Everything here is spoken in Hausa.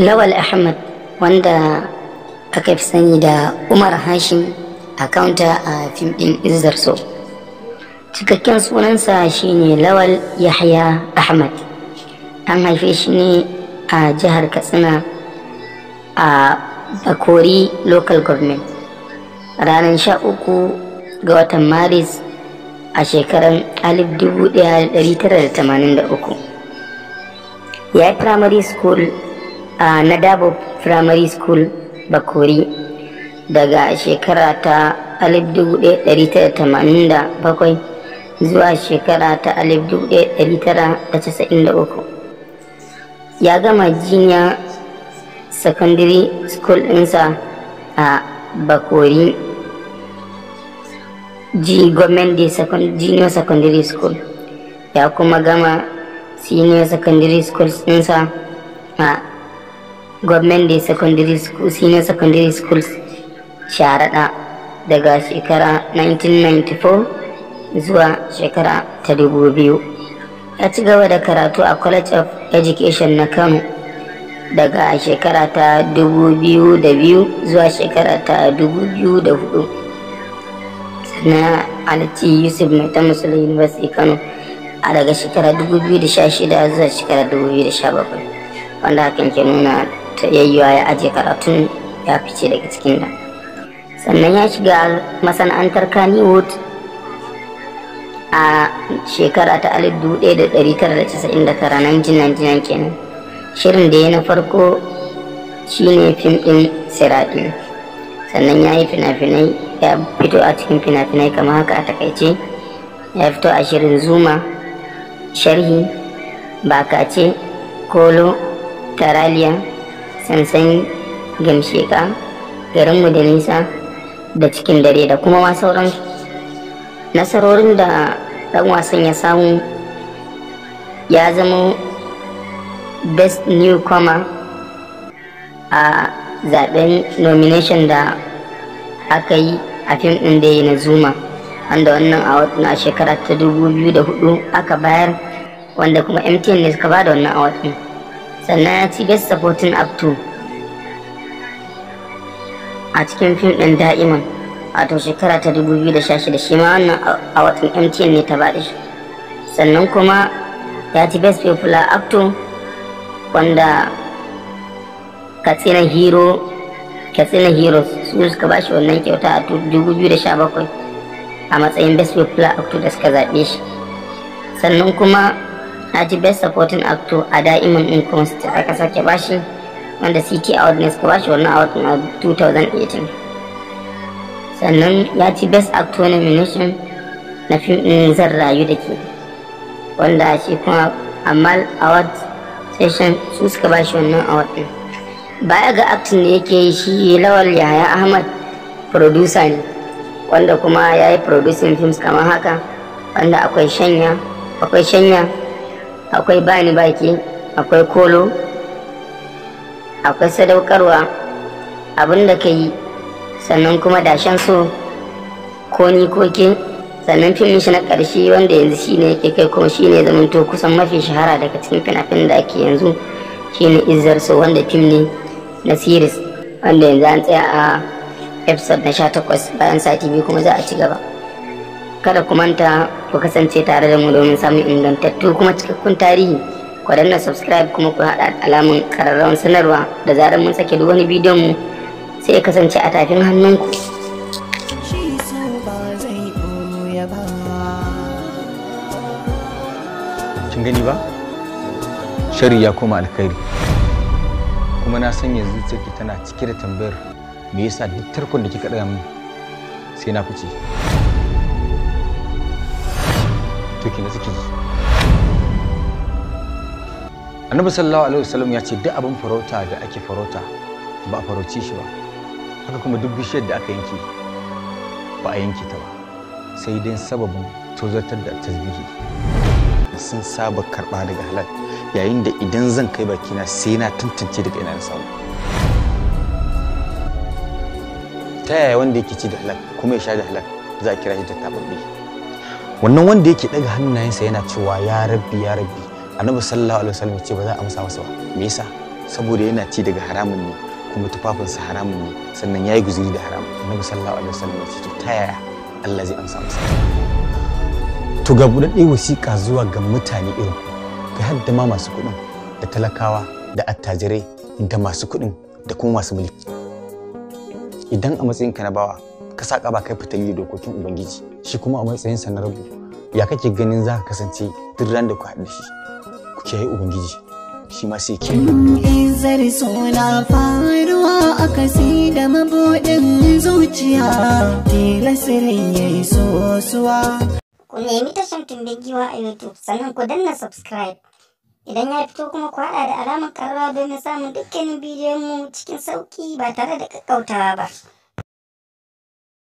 lawal ahmad wanda aka fi sani da umar hashim kaunta a fim ɗin izzar so cikakken sunansa shine lawal yahya ahmad an haife shi ne a jihar katsina a bakori local government ranar sha uku ga watan maris a shekarar 1983 ya yi primary school a na dabo primary school bakori daga shekara ta 1987 zuwa shekara ta 1993 ya gama jinya secondary school insa a bakori ji government junior secondary school ya kuma gama senior secondary schools ɗinsa a day secondary school senior secondary schools sharada daga shekara 1994 zuwa shekara ta 2000 ya ci gaba da karatu a college of education na kano daga shekara ta 2002 zuwa shekara ta 2004 sannan alci yusuf mai ta musulun university kano a daga shekarar 2016 zuwa shekarar 2017 wanda hakan ke nuna ta yayyuwa ya aje karatun ya fice daga cikin da sannan ya shiga masana'antar kannywood a shekara ta 1999 1999 kenan shirin da ya na farko shine fim din siraɗi sannan ya yi fina-finai ya fito a cikin fina-finai kamar haka a takaice ya fito a shirin zuma sharhi bakace kolo taraliya sansan gamsheka mu da nisa da cikin dare da kuma ma nasarorin da dan wasan ya samu ya zama best newcomer a zaben nomination da aka yi a fim din da ya na zuma wanda wannan a shekara ta dubu biyu da hudu aka bayar wanda kuma mtn ne suka bada wannan award din sannan ya ci best supporting actor a cikin fim din da'iman wato shekara ta dubu biyu da shashi da shi ma wannan award din mtn ne ta bada shi sannan kuma ya ci best popular actor wanda katsina hero katsina heroes su suka bashi wannan kyauta a dubu biyu da sha bakwai. a matsayin best popular actor da suka zaɓe shi sannan kuma na ji best supporting actor a da'imin in concert aka sake bashi wanda city award ne suka bashi wannan award na 2018 sannan ya ci best actor nomination na fim ɗin zan rayu da ke wanda shi kuma amal award session su suka bashi wannan award ɗin baya ga acting da yake yi shi lawal yahaya ahmad producer ne wanda kuma ya yi producing films kamar haka wanda akwai shanya akwai shanya akwai bani baki akwai kolo akwai sadaukarwa abin da ka yi sannan kuma dashen so ko ni ko ke sannan filmin shi na ƙarshe wanda yanzu shi ne yake kai kuma shi ne zamanto kusan mafi shahara daga cikin fina-finan da ake yanzu ne izzar so wanda fim ne na series wanda yanzu an tsaya a episode na 18 bayan sati biyu kuma za a ci gaba kada ku manta ku kasance tare da mu domin samun ingantattu kuma cikakkun tarihi ku danna subscribe kuma ku haɗa alamun ƙararrawan sanarwa da zarar mun sake duk wani bidiyon mu sai ya kasance a tafin hannunku kin gani ba shari ya koma alkhairi kuma na san yanzu take tana cike da tambayar me yasa duk tarkon da kika ɗaya min sai na fice to ki na suke annabi sallallahu alaihi wasallam ya ce duk abin farauta da ake farauta ba a farauce shi ba haka kuma duk bishiyar da aka yanke ba a yanke ta ba sai dai sababin tozartar da tasbihi sun saba karɓa daga halal yayin da idan zan kai bakina sai na tantance daga ina na samu ta yaya wanda yake ci da halal kuma ya sha da halal za a kira shi da wannan wanda yake daga hannayensa yana cewa ya rabbi ya rabbi annabi sallallahu alaihi wasallam ya ce ba za a amsa masa ba me yasa saboda yana ci daga haramun ne kuma tufafinsa haramun ne sannan ya yi guziri da haramun annabi sallallahu alaihi wasallam ya ce to ta yaya Allah zai amsa masa to ga budadde wasiƙa zuwa ga mutane irin ga hadda masu kuɗin da talakawa da attajirai da masu kuɗin da kuma masu mulki idan a matsayin ka na bawa ka saka ba kai fitali da dokokin ubangiji shi kuma a matsayin sa na rabu ya kake ganin za ka kasance duk ran da ku haɗu shi ku kiyaye ubangiji shi ma sai ke zari suna faruwa a kasi da mabuɗin zuciya tilasirin ya yi sosuwa ku nemi tashar tumbin giwa a youtube sannan ku danna subscribe idan ya fito kuma ku haɗa da alamar ƙararrawa domin samun dukkanin bidiyon mu cikin sauƙi ba tare da ƙaƙƙautawa ba